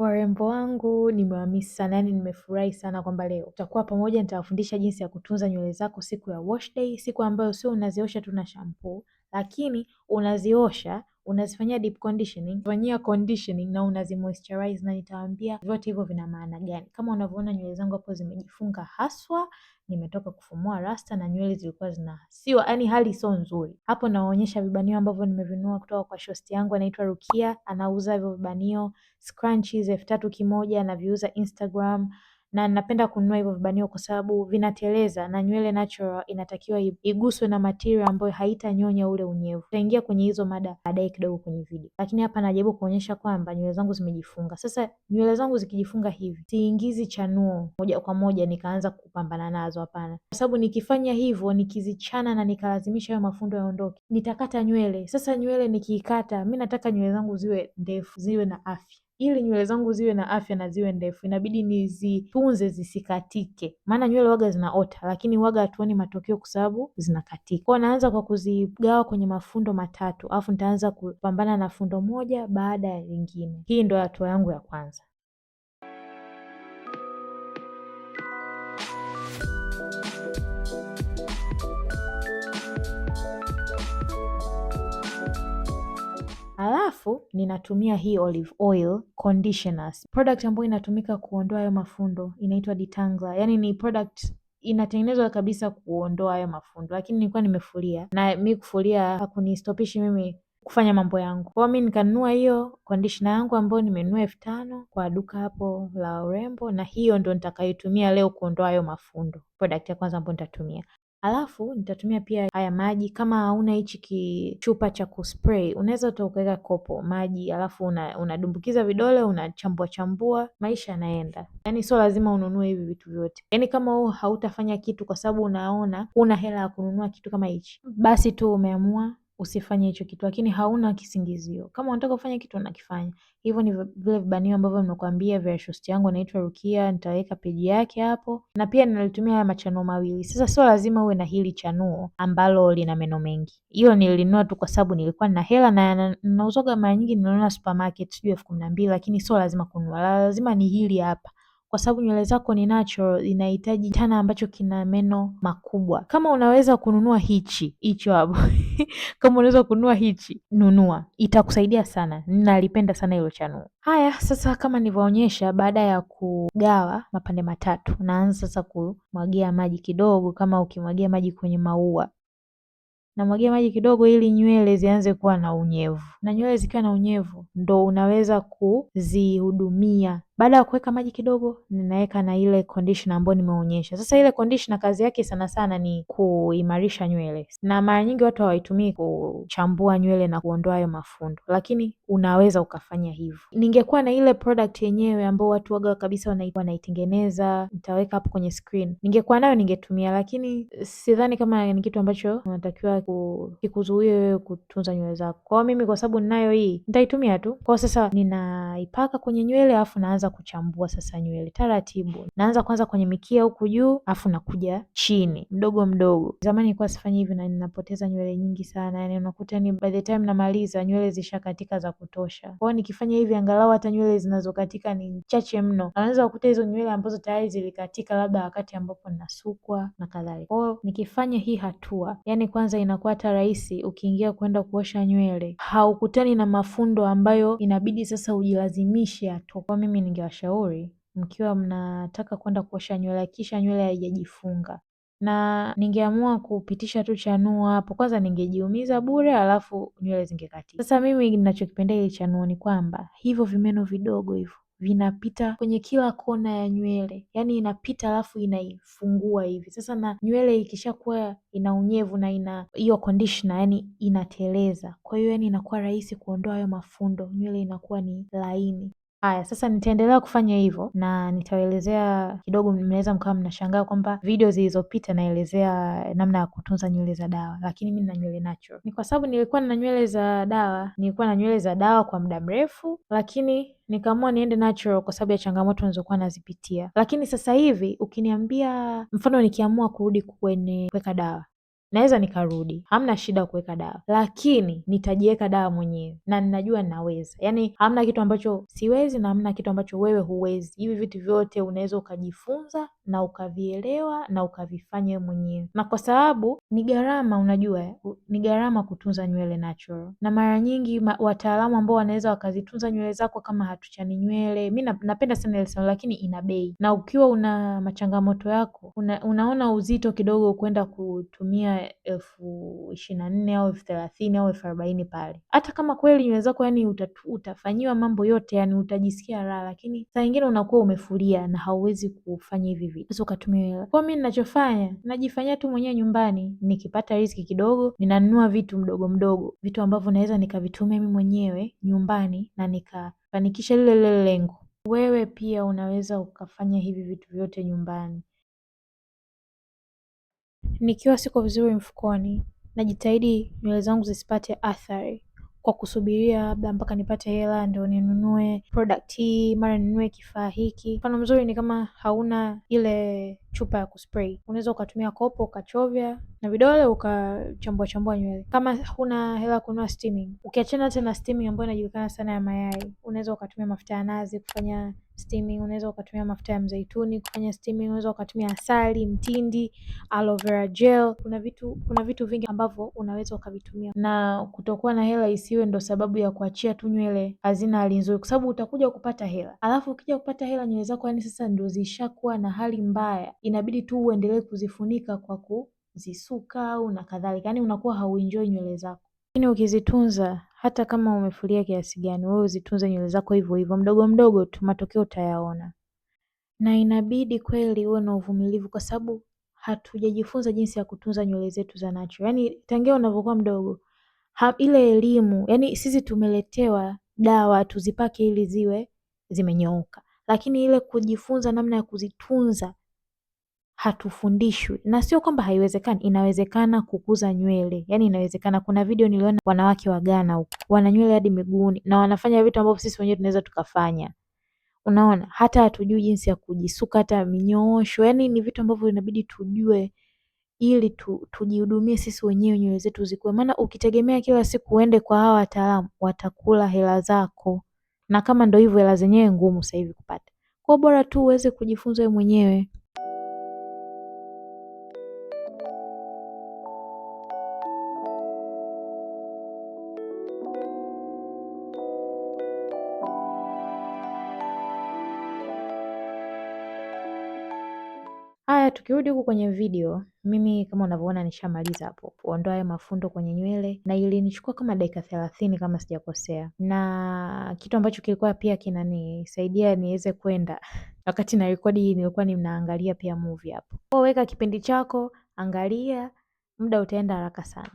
Warembo wangu nimewamisi sana, yaani nimefurahi sana kwamba leo utakuwa pamoja, nitawafundisha jinsi ya kutunza nywele zako siku ya wash day, siku ambayo sio unaziosha tu na shampoo, lakini unaziosha unazifanyia deep conditioning, fanyia conditioning na moisturize, na nitawaambia vyote hivyo vina maana gani. Kama unavyoona nywele zangu hapo zimejifunga haswa, nimetoka kufumua rasta na nywele zilikuwa zina sio, yani hali sio nzuri. Hapo nawaonyesha vibanio ambavyo nimevinua kutoka kwa shosti yangu anaitwa Rukia, anauza hivyo vibanio scrunchies elfu tatu kimoja, anaviuza Instagram na napenda kununua hivyo vibanio kwa sababu vinateleza na nywele natural inatakiwa iguswe na material ambayo haitanyonya ule unyevu. Tutaingia kwenye hizo mada baadaye kidogo kwenye video, lakini hapa najaribu kuonyesha kwamba nywele zangu zimejifunga. Sasa nywele zangu zikijifunga hivi, siingizi chanuo moja kwa moja nikaanza kupambana nazo, hapana, kwa sababu nikifanya hivyo, nikizichana na nikalazimisha hayo mafundo yaondoke, nitakata nywele. Sasa nywele nikiikata, mi nataka nywele zangu ziwe ndefu, ziwe na afya ili nywele zangu ziwe na afya na ziwe ndefu inabidi nizitunze zisikatike, maana nywele waga zinaota, lakini waga hatuoni matokeo kwa sababu zinakatika. Kwa naanza kwa kuzigawa kwenye mafundo matatu, afu nitaanza kupambana na fundo moja baada ya lingine. Hii ndo hatua yangu ya kwanza. alafu ninatumia hii olive oil conditioners. Product ambayo inatumika kuondoa hayo mafundo inaitwa detangler, yaani ni product inatengenezwa kabisa kuondoa hayo mafundo, lakini nilikuwa nimefulia na mi kufulia hakunistopishi mimi kufanya mambo yangu. Kwa mi nikanunua hiyo conditioner yangu ambayo nimenunua elfu tano kwa duka hapo la urembo, na hiyo ndo nitakaitumia leo kuondoa hayo mafundo. Product ya kwanza ambayo nitatumia alafu nitatumia pia haya maji, kama hauna hichi kichupa cha kuspray unaweza ukaweka kopo maji, alafu unadumbukiza una vidole unachambua chambua, maisha yanaenda. yani sio lazima ununue hivi vitu vyote. yani kama huu hautafanya kitu kwa sababu unaona huna hela ya kununua kitu kama hichi, basi tu umeamua usifanye hicho kitu, lakini hauna kisingizio. Kama unataka kufanya kitu unakifanya. Hivyo ni vile vibanio ambavyo nimekuambia vya shosti yangu anaitwa Rukia, nitaweka peji yake hapo, na pia nalitumia haya machanuo mawili. Sasa sio lazima uwe na hili chanuo ambalo lina meno mengi, hiyo nilinunua tu kwa sababu nilikuwa nina hela na nauzoga mara nyingi ninaona supermarket, sijui elfu kumi na mbili, lakini sio lazima kununua, lazima ni hili hapa kwa sababu nywele zako ni natural, inahitaji kitana ambacho kina meno makubwa. Kama unaweza kununua hichi hicho hapo kama unaweza kununua hichi nunua, itakusaidia sana. Nalipenda sana hilo chanuo. Haya, sasa kama nilivyoonyesha, baada ya kugawa mapande matatu, naanza sasa kumwagia maji kidogo, kama ukimwagia maji kwenye maua namwagia maji kidogo ili nywele zianze kuwa na unyevu, na nywele zikiwa na unyevu ndo unaweza kuzihudumia baada ya kuweka maji kidogo, ninaweka na ile conditioner ambayo nimeonyesha. Sasa ile conditioner kazi yake sana sana ni kuimarisha nywele, na mara nyingi watu hawaitumii kuchambua nywele na kuondoa hayo mafundo, lakini unaweza ukafanya hivyo. Ningekuwa na ile product yenyewe ambao watu waga kabisa wanaitengeneza, nitaweka hapo kwenye screen. Ningekuwa nayo ningetumia, lakini sidhani kama ni kitu ambacho unatakiwa kikuzuie wewe kutunza nywele zako. Kwa mimi kwa sababu ninayo hii, nitaitumia tu. Kwa sasa ninaipaka kwenye nywele afu naanza kuchambua sasa nywele taratibu, naanza kwanza kwenye mikia huku juu, afu nakuja chini mdogo mdogo. Zamani nilikuwa sifanyi hivi na ninapoteza nywele nyingi sana, yani unakuta ni by the time namaliza nywele zishakatika za kutosha. hiyo nikifanya hivi, angalau hata nywele zinazokatika ni chache mno, naweza kukuta hizo nywele ambazo tayari zilikatika labda wakati ambapo nasukwa na kadhalika. Kwao nikifanya hii hatua, yani kwanza inakuwa hata rahisi ukiingia kwenda kuosha nywele, haukutani na mafundo ambayo inabidi sasa ujilazimishe atoka. Mimi ninge ningewashauri mkiwa mnataka kwenda kuosha nywele kisha nywele haijajifunga, na ningeamua kupitisha tu chanuo hapo, kwanza ningejiumiza bure alafu nywele zingekatika. Sasa mimi ninachokipenda ile chanuo ni kwamba hivyo vimeno vidogo hivyo vinapita kwenye kila kona ya nywele, yaani inapita alafu inaifungua hivi. Sasa na nywele ikishakuwa ina unyevu na ina hiyo kondishna yani inateleza, kwa hiyo yani inakuwa rahisi kuondoa hayo mafundo, nywele inakuwa ni laini. Haya, sasa nitaendelea kufanya hivyo na nitawaelezea kidogo, mnaweza mkawa mnashangaa kwamba video zilizopita naelezea namna ya kutunza nywele za dawa, lakini mimi na nywele natural. Ni kwa sababu nilikuwa na nywele za dawa, nilikuwa na nywele za dawa kwa muda mrefu, lakini nikaamua niende natural kwa sababu ya changamoto nilizokuwa nazipitia. Lakini sasa hivi ukiniambia, mfano nikiamua kurudi kwenye kuweka dawa naweza nikarudi, hamna shida kuweka dawa, lakini nitajiweka dawa mwenyewe na ninajua ninaweza. Yani hamna kitu ambacho siwezi na hamna kitu ambacho wewe huwezi. Hivi vitu vyote unaweza ukajifunza na ukavielewa na ukavifanya wewe mwenyewe, na kwa sababu ni gharama, unajua ni gharama kutunza nywele natural, na mara nyingi ma, wataalamu ambao wanaweza wakazitunza nywele zako kama hatuchani nywele. Mi napenda sana ile lakini ina bei, na ukiwa una machangamoto yako una, unaona uzito kidogo kwenda kutumia elfu ishiri na nne au elfu thelathini au elfu arobaini pale, hata kama kweli nywele zako yani utatu, utafanyiwa mambo yote yani utajisikia raha, lakini saa nyingine unakuwa umefulia na hauwezi kufanya hivi hivi, sasa ukatumia hela. Kwa mimi ninachofanya najifanyia tu mwenyewe nyumbani, nikipata riziki kidogo ninanunua vitu mdogo mdogo, vitu ambavyo naweza nikavitumia mimi mwenyewe nyumbani na nikafanikisha lile lile lengo. Wewe pia unaweza ukafanya hivi vitu vyote nyumbani. Nikiwa siko vizuri mfukoni, najitahidi nywele zangu zisipate athari kwa kusubiria labda mpaka nipate hela ndo ninunue product hii, mara ninunue kifaa hiki. Mfano mzuri ni kama hauna ile chupa ya kuspray. Unaweza ukatumia kopo ukachovya na vidole ukachambua chambua nywele, kama huna hela kunua steaming. Ukiachana hata na steaming ambayo inajulikana sana ya mayai, unaweza ukatumia mafuta ya nazi kufanya steaming, unaweza ukatumia mafuta ya mzaituni kufanya steaming, unaweza ukatumia asali, mtindi, aloe vera gel. Kuna vitu kuna vitu vingi ambavyo unaweza ukavitumia, na kutokuwa na hela isiwe ndo sababu ya kuachia tu nywele hazina hali nzuri, kwa sababu utakuja kupata hela, alafu ukija kupata hela nywele zako yani sasa ndo zishakuwa na hali mbaya inabidi tu uendelee kuzifunika kwa kuzisuka au na kadhalika, yani unakuwa hauenjoi nywele zako. Lakini ukizitunza hata kama umefulia kiasi gani, wewe uzitunze nywele zako hivyo hivyo mdogo mdogo tu, matokeo utayaona. Na inabidi kweli uwe na uvumilivu kwa sababu hatujajifunza jinsi ya kutunza nywele zetu za nacho yani tangia unavyokuwa mdogo ha, ile elimu yani sisi tumeletewa dawa tuzipake ili ziwe zimenyooka, lakini ile kujifunza namna ya kuzitunza hatufundishwi, na sio kwamba haiwezekani, inawezekana kukuza nywele, yani inawezekana. Kuna video niliona wanawake wa Ghana huko wana nywele hadi miguuni na wanafanya vitu ambavyo sisi wenyewe tunaweza tukafanya. Unaona, hata hatujui jinsi ya kujisuka hata minyoosho, yani ni vitu ambavyo inabidi tujue ili tu, tujihudumie sisi wenyewe nywele zetu zikuwe. Maana ukitegemea kila siku uende kwa hawa wataalamu, watakula hela zako, na kama ndo hivyo hela zenyewe ngumu sasa hivi kupata. Kwa bora tu uweze kujifunza wewe mwenyewe. tukirudi huku kwenye video, mimi kama unavyoona nishamaliza hapo kuondoa haya mafundo kwenye nywele, na ilinichukua kama dakika thelathini kama sijakosea, na kitu ambacho kilikuwa pia kinanisaidia niweze kwenda wakati na rekodi, nilikuwa ninaangalia pia movie hapo. Kwa weka kipindi chako, angalia, muda utaenda haraka sana.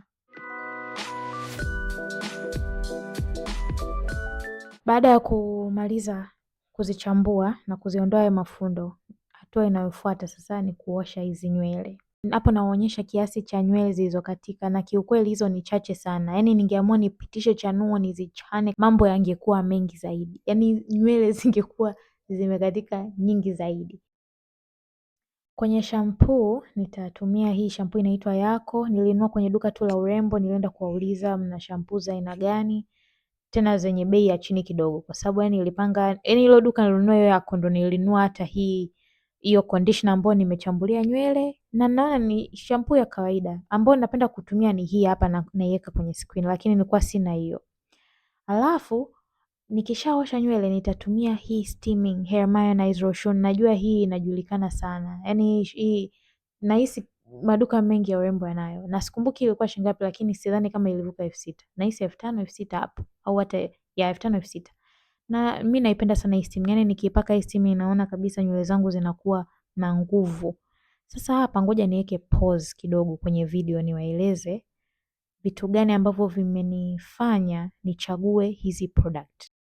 Baada ya kumaliza kuzichambua na kuziondoa haya mafundo hatua inayofuata sasa ni kuosha hizi nywele. Hapo naonyesha kiasi cha nywele zilizokatika na kiukweli hizo ni chache sana. Yaani ningeamua nipitishe chanuo nizichane, mambo yangekuwa mengi zaidi. Yaani nywele zingekuwa zimekatika nyingi zaidi. Kwenye shampoo nitatumia hii shampoo inaitwa Yako, nilinunua kwenye duka tu la urembo, nilienda kuwauliza mna shampoo za aina gani? Tena zenye bei ya chini kidogo kwa sababu yani nilipanga yani hilo duka nilinunua hiyo Yako ndo nilinunua hata hii hiyo conditioner ambayo nimechambulia nywele, na naona ni shampoo ya kawaida ambayo napenda kutumia ni hii hapa, na naiweka kwenye screen, lakini nilikuwa sina hiyo. Alafu nikishaosha nywele nitatumia hii steaming hair mayonnaise lotion. Najua hii inajulikana sana, yaani hii nahisi maduka mengi ya urembo yanayo, na sikumbuki ilikuwa shilingi ngapi, lakini sidhani kama ilivuka elfu sita. Nahisi elfu tano elfu sita hapo, au hata ya elfu tano elfu sita na mi naipenda sana hii steam yaani nikipaka hii steam ninaona kabisa nywele zangu zinakuwa na nguvu sasa hapa ngoja niweke pause kidogo kwenye video niwaeleze vitu gani ambavyo vimenifanya nichague hizi product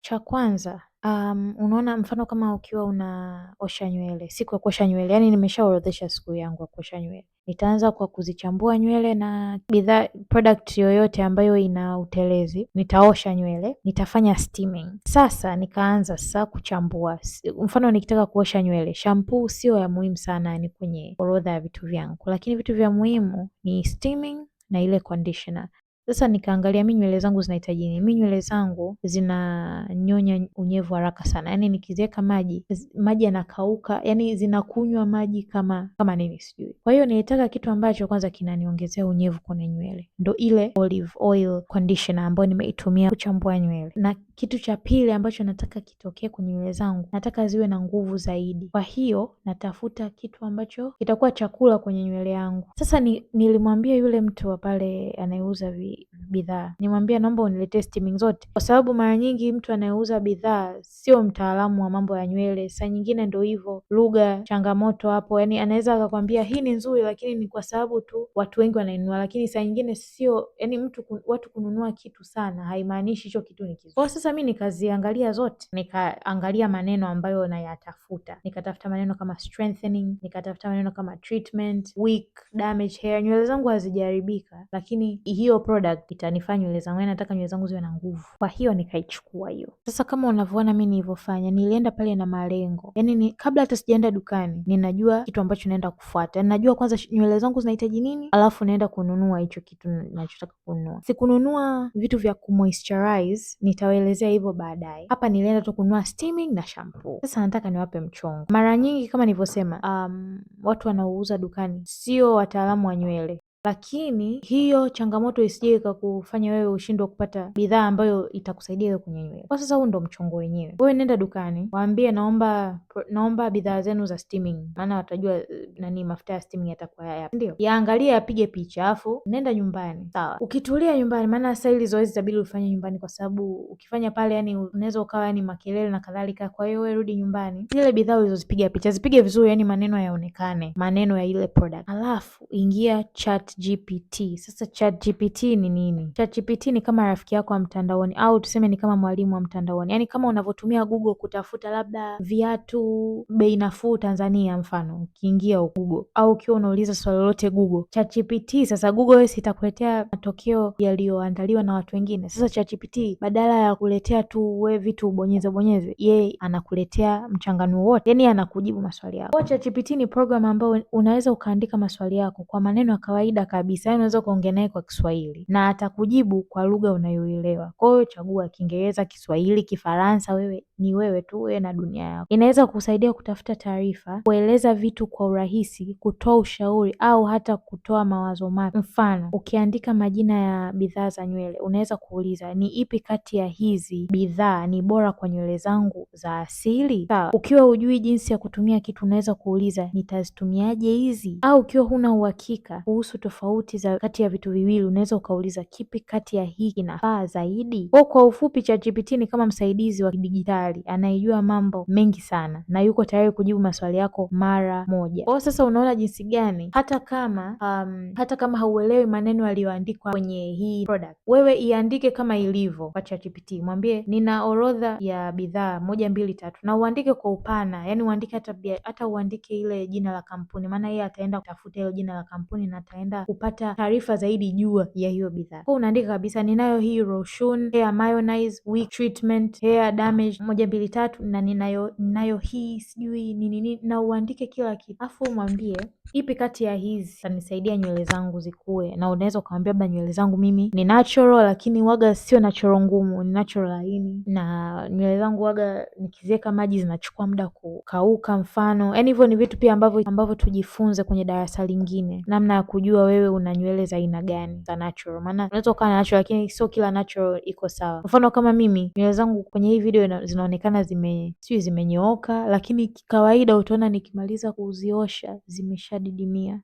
cha kwanza Um, unaona mfano kama ukiwa unaosha nywele, siku ya kuosha nywele, yani nimeshaorodhesha siku yangu ya kuosha nywele. Nitaanza kwa kuzichambua nywele na bidhaa product yoyote ambayo ina utelezi, nitaosha nywele, nitafanya steaming. Sasa nikaanza sasa kuchambua, mfano nikitaka kuosha nywele, shampoo sio ya muhimu sana ni kwenye orodha ya vitu vyangu, lakini vitu vya muhimu ni steaming na ile conditioner. Sasa nikaangalia mimi nywele zangu zinahitaji nini? Mimi nywele zangu zinanyonya unyevu haraka sana, yaani nikiziweka maji maji yanakauka, yaani zinakunywa maji kama kama nini sijui. Kwa hiyo nilitaka kitu ambacho kwanza kinaniongezea unyevu kwenye nywele, ndo ile olive oil conditioner ambayo nimeitumia kuchambua nywele, na kitu cha pili ambacho nataka kitokee kwenye nywele zangu, nataka ziwe na nguvu zaidi. Kwa hiyo natafuta kitu ambacho kitakuwa chakula kwenye nywele yangu. Sasa ni, nilimwambia yule mtu wa pale anayeuza vi bidhaa, nimwambia naomba uniletee steaming zote, kwa sababu mara nyingi mtu anayeuza bidhaa sio mtaalamu wa mambo ya nywele. Saa nyingine ndo hivyo lugha changamoto hapo, yani anaweza akakwambia hii ni nzuri, lakini ni kwa sababu tu watu wengi wanainunua, lakini saa nyingine sio yani mtu watu kununua kitu sana haimaanishi hicho kitu ni kizuri. Kwa sasa mi nikaziangalia zote, nikaangalia maneno ambayo nayatafuta, nikatafuta maneno kama strengthening, nikatafuta maneno kama treatment, weak, damage hair. Nywele zangu hazijaharibika, lakini hiyo product product itanifanya nywele zangu, yani nataka nywele zangu ziwe na nguvu. Kwa hiyo nikaichukua hiyo. Sasa kama unavyoona mimi nilivyofanya, nilienda pale na malengo, yani ni, kabla hata sijaenda dukani ninajua kitu ambacho naenda kufuata, yaani najua kwanza nywele zangu zinahitaji nini, alafu naenda kununua hicho kitu ninachotaka kununua. Sikununua vitu vya kumoisturize, nitawaelezea hivyo baadaye. Hapa nilienda tu kununua steaming na shampoo. Sasa nataka niwape mchongo. Mara nyingi kama nilivyosema, um, watu wanaouza dukani sio wataalamu wa nywele lakini hiyo changamoto isije ikakufanya wewe ushindwe kupata bidhaa ambayo itakusaidia wewe kwenye nywele. Kwa sasa, huu ndo mchongo wenyewe. Wewe nenda dukani, waambie naomba naomba bidhaa zenu za steaming, maana watajua eh, nani mafuta ya steaming yatakuwa haya, ndio yaangalie, apige picha, afu nenda nyumbani. Sawa, ukitulia nyumbani, maana sasa hili zoezi tabidi ufanye nyumbani, kwa sababu ukifanya pale, yani unaweza ukawa yani makelele na kadhalika. Kwa hiyo wewe rudi nyumbani, zile bidhaa ulizozipiga picha zipige vizuri, yani maneno yaonekane, maneno ya ile product, alafu ingia chat ChatGPT. Sasa ChatGPT ni nini? ChatGPT ni kama rafiki yako wa mtandaoni au tuseme ni kama mwalimu wa mtandaoni, yaani kama unavyotumia Google kutafuta labda viatu bei nafuu Tanzania, mfano ukiingia Google au ukiwa unauliza swali lolote Google, ChatGPT sasa Google wewe sitakuletea matokeo yaliyoandaliwa na watu wengine. Sasa ChatGPT badala ya kuletea tu we vitu ubonyeze bonyeze, yeye anakuletea mchanganuo wote, yaani anakujibu maswali yako. ChatGPT ni program ambayo unaweza ukaandika maswali yako kwa maneno ya kawaida kabisa, yani unaweza ukaongea naye kwa Kiswahili na atakujibu kwa lugha unayoelewa. Kwa hiyo chagua Kiingereza, Kiswahili, Kifaransa, wewe ni wewe tu, wewe na dunia yako. Inaweza kukusaidia kutafuta taarifa, kueleza vitu kwa urahisi, kutoa ushauri au hata kutoa mawazo mapya. Mfano, ukiandika majina ya bidhaa za nywele unaweza kuuliza ni ipi kati ya hizi bidhaa ni bora kwa nywele zangu za asili? Sawa. Ukiwa hujui jinsi ya kutumia kitu unaweza kuuliza nitazitumiaje hizi? Au ukiwa huna uhakika kuhusu tofauti za kati ya vitu viwili, unaweza ukauliza kipi kati ya hii kinafaa zaidi. Kwa kwa ufupi, ChatGPT ni kama msaidizi wa kidijitali anayejua mambo mengi sana na yuko tayari kujibu maswali yako mara moja. Kwa sasa unaona jinsi gani hata kama um, hata kama hauelewi maneno yaliyoandikwa kwenye hii product, wewe iandike kama ilivyo kwa ChatGPT, mwambie nina orodha ya bidhaa moja mbili tatu, na uandike kwa upana, yani uandike hata hata uandike ile jina la kampuni, maana yeye ataenda kutafuta ile jina la kampuni na ataenda kwenda kupata taarifa zaidi juu ya hiyo bidhaa. Kwa unaandika kabisa, ninayo hii Roshun hair mayonnaise week treatment hair damage moja mbili tatu, na ninayo ninayo hii sijui nini nini, na uandike kila kitu, afu umwambie ipi kati ya hizi tanisaidia nywele zangu zikue, na unaweza ukamwambia labda nywele zangu mimi ni natural, lakini waga sio natural ngumu, ni natural laini, na nywele zangu waga nikiziweka maji zinachukua muda kukauka, mfano. yani hivyo ni vitu pia ambavyo ambavyo tujifunze kwenye darasa lingine, namna ya kujua wewe una nywele za aina gani za natural, maana unaweza ukawa na natural lakini sio kila natural iko sawa. Mfano kama mimi nywele zangu kwenye hii video zinaonekana zime sijui zimenyooka, lakini kawaida utaona nikimaliza kuziosha zimeshadidimia.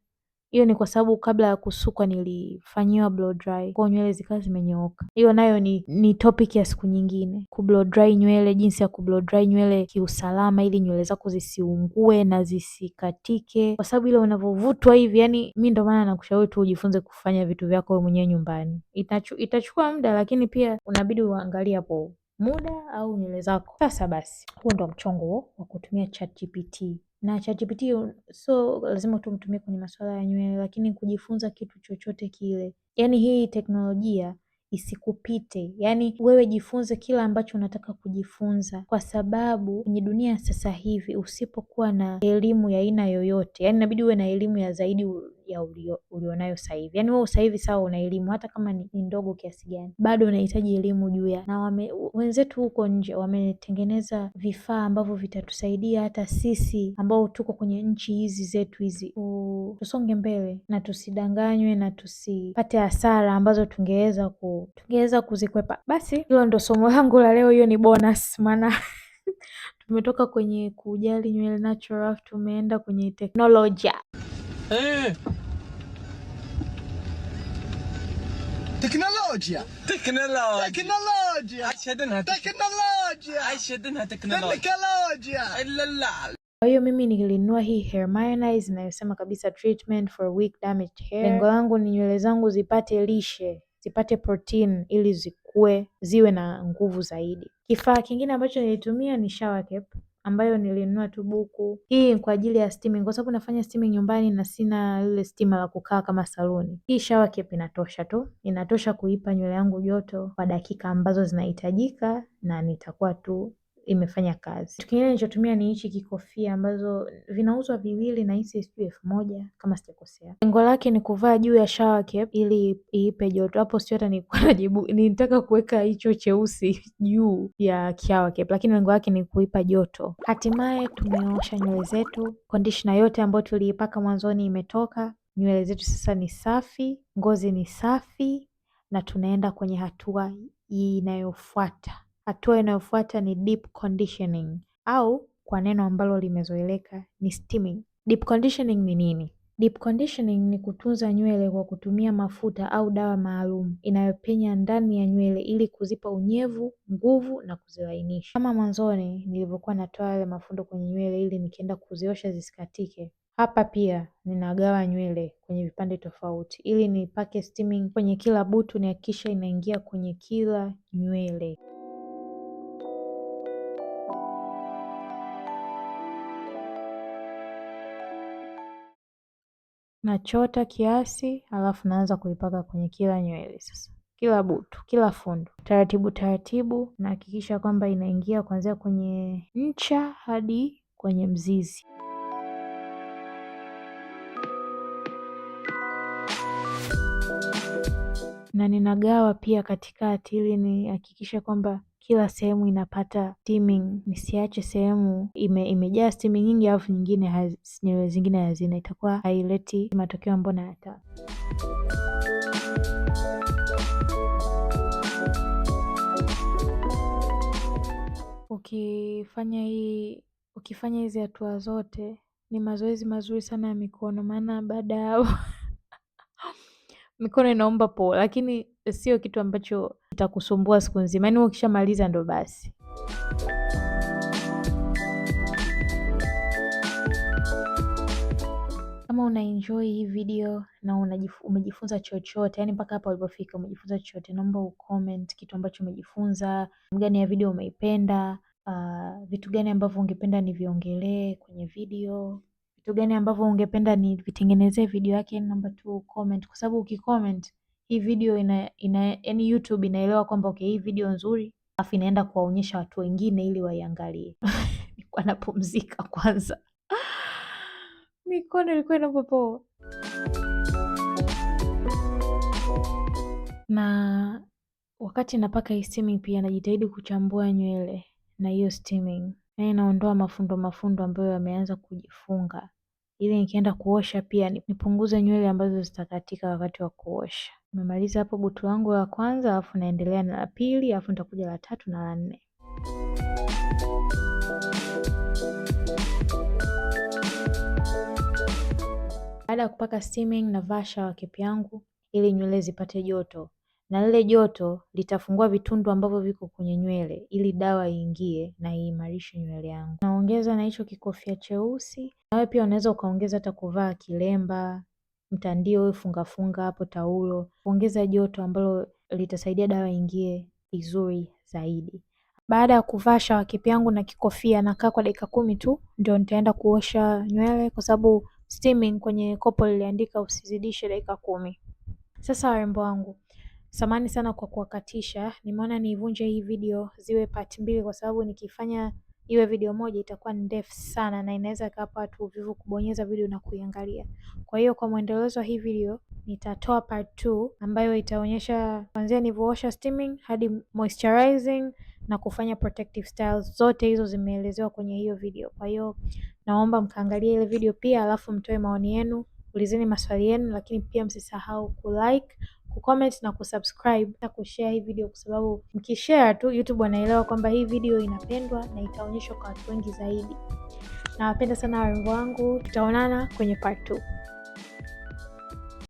Hiyo ni kwa sababu kabla ya kusukwa nilifanyiwa blow dry, kwa nywele zikawa zimenyooka. Hiyo nayo ni, ni topic ya siku nyingine, ku blow dry nywele, jinsi ya ku blow dry nywele kiusalama, ili nywele zako zisiungue na zisikatike, kwa sababu ile unavyovutwa hivi, yani mi ndo maana nakushauri tu ujifunze kufanya vitu vyako wewe mwenyewe nyumbani. Itachu, itachukua muda, lakini pia unabidi uangalie hapo muda au nywele zako. Sasa basi, huu ndo mchongo wa kutumia ChatGPT na ChatGPT so lazima tu mtumie kwenye masuala ya nywele, lakini kujifunza kitu chochote kile, yani hii teknolojia isikupite, yani wewe jifunze kila ambacho unataka kujifunza, kwa sababu kwenye dunia sasa hivi usipokuwa na elimu ya aina yoyote, yani inabidi uwe na elimu ya zaidi ya ulionayo sasa hivi. Yaani wewe sasa hivi sawa, una elimu hata kama ni ndogo kiasi gani, bado unahitaji elimu juu ya na wame, wenzetu huko nje wametengeneza vifaa ambavyo vitatusaidia hata sisi ambao tuko kwenye nchi hizi zetu hizi, tusonge mbele na tusidanganywe na tusipate hasara ambazo tungeweza ku, tungeweza kuzikwepa. Basi hilo ndo somo langu la leo, hiyo ni bonus maana tumetoka kwenye kujali nywele natural, tumeenda kwenye teknolojia. Hey. Eh! تكنولوجيا تكنولوجيا kwa hiyo mimi nilinunua hii hair mayonnaise inayosema kabisa treatment for weak damaged hair. Lengo langu ni nywele zangu zipate lishe, zipate protein ili zikue, ziwe na nguvu zaidi. Kifaa kingine ambacho nilitumia ni shower cap ambayo nilinunua tu buku. Hii kwa ajili ya steaming kwa sababu nafanya steaming nyumbani na sina lile stima la kukaa kama saluni. Hii shower cap inatosha tu, inatosha kuipa nywele yangu joto kwa dakika ambazo zinahitajika na nitakuwa tu imefanya kazi. Kitu kingine nilichotumia ni hichi kikofia ambazo vinauzwa viwili na hisi sijui elfu moja kama sijakosea. Lengo lake ni kuvaa juu ya shower cap ili iipe joto. Hapo sio hata nilikuwa najibu nilitaka kuweka hicho cheusi juu ya shower cap, lakini lengo lake ni kuipa joto. Hatimaye tumeosha nywele zetu, kondishna yote ambayo tuliipaka mwanzoni imetoka. Nywele zetu sasa ni safi, ngozi ni safi na tunaenda kwenye hatua inayofuata. Hatua inayofuata ni deep conditioning au kwa neno ambalo limezoeleka ni steaming. Deep conditioning ni nini? Deep conditioning ni kutunza nywele kwa kutumia mafuta au dawa maalum inayopenya ndani ya nywele ili kuzipa unyevu, nguvu na kuzilainisha. Kama mwanzoni nilivyokuwa natoa yale mafundo kwenye nywele ili nikienda kuziosha zisikatike. Hapa pia ninagawa nywele kwenye vipande tofauti ili nipake steaming kwenye kila butu nihakikishe inaingia kwenye kila nywele. nachota kiasi, alafu naanza kuipaka kwenye kila nywele sasa, kila butu, kila fundu, taratibu taratibu, nahakikisha kwamba inaingia kuanzia kwenye ncha hadi kwenye mzizi. na ninagawa pia katikati ili nihakikishe kwamba kila sehemu inapata steaming, nisiache sehemu ime, imejaa steaming nyingi alafu nyingine haz, zingine hazina, itakuwa haileti matokeo ambayo nayataka. Ukifanya hii ukifanya hizi hatua zote ni mazoezi mazuri sana ya mikono, maana baada ya mikono inaomba poa, lakini sio kitu ambacho kitakusumbua siku nzima. Yaani ukishamaliza ndo basi. Kama una enjoy hii video na umejifunza chochote yani mpaka hapa ulipofika umejifunza chochote, naomba ucomment kitu ambacho umejifunza, gani ya video umeipenda, uh, vitu gani ambavyo ungependa niviongelee kwenye video vitu gani ambavyo ungependa vitengenezee video yake namba tu comment, kwa sababu ukicomment hii video ina, ina yani YouTube inaelewa kwamba okay, hii video nzuri, afu inaenda kuwaonyesha watu wengine ili waiangalie. Nilikuwa napumzika kwanza, mikono ilikuwa inapopoa na wakati napaka hii steaming pia najitahidi kuchambua nywele na hiyo steaming na yaani inaondoa mafundo mafundo ambayo yameanza kujifunga, ili nikienda kuosha pia nipunguze nywele ambazo zitakatika wakati wa kuosha. Nimemaliza hapo butu langu la kwanza, alafu naendelea na la pili, alafu nitakuja la tatu na la nne. Baada ya kupaka steaming navaa shower cap yangu ili nywele zipate joto na lile joto litafungua vitundu ambavyo viko kwenye nywele ili dawa iingie na iimarishe nywele yangu. Naongeza na hicho kikofia cheusi, na wewe pia unaweza ukaongeza hata kuvaa kilemba, mtandio wewe fungafunga hapo taulo, kuongeza joto ambalo litasaidia dawa iingie vizuri zaidi. Baada ya kuvaa shawa yangu na kikofia, nakaa kwa dakika kumi tu ndio nitaenda kuosha nywele, kwa sababu steaming kwenye kopo liliandika usizidishe dakika kumi. Sasa warembo wangu samani sana kwa kuwakatisha, nimeona niivunje hii video ziwe part mbili, kwa sababu nikifanya iwe video moja itakuwa ndefu sana na inaweza ikawapa watu uvivu kubonyeza video na kuiangalia. Kwa hiyo kwa mwendelezo wa hii video nitatoa part 2 ambayo itaonyesha kuanzia nilivyoosha steaming hadi moisturizing na kufanya protective styles. Zote hizo zimeelezewa kwenye hiyo video. Kwa hiyo naomba mkaangalie ile video pia, alafu mtoe maoni yenu, ulizeni maswali yenu, lakini pia msisahau kulike, kucomment na kusubscribe na kushare hii video, kwa sababu mkishare tu YouTube wanaelewa kwamba hii video inapendwa na itaonyeshwa kwa watu wengi zaidi. Nawapenda sana warembo wangu, tutaonana kwenye part 2.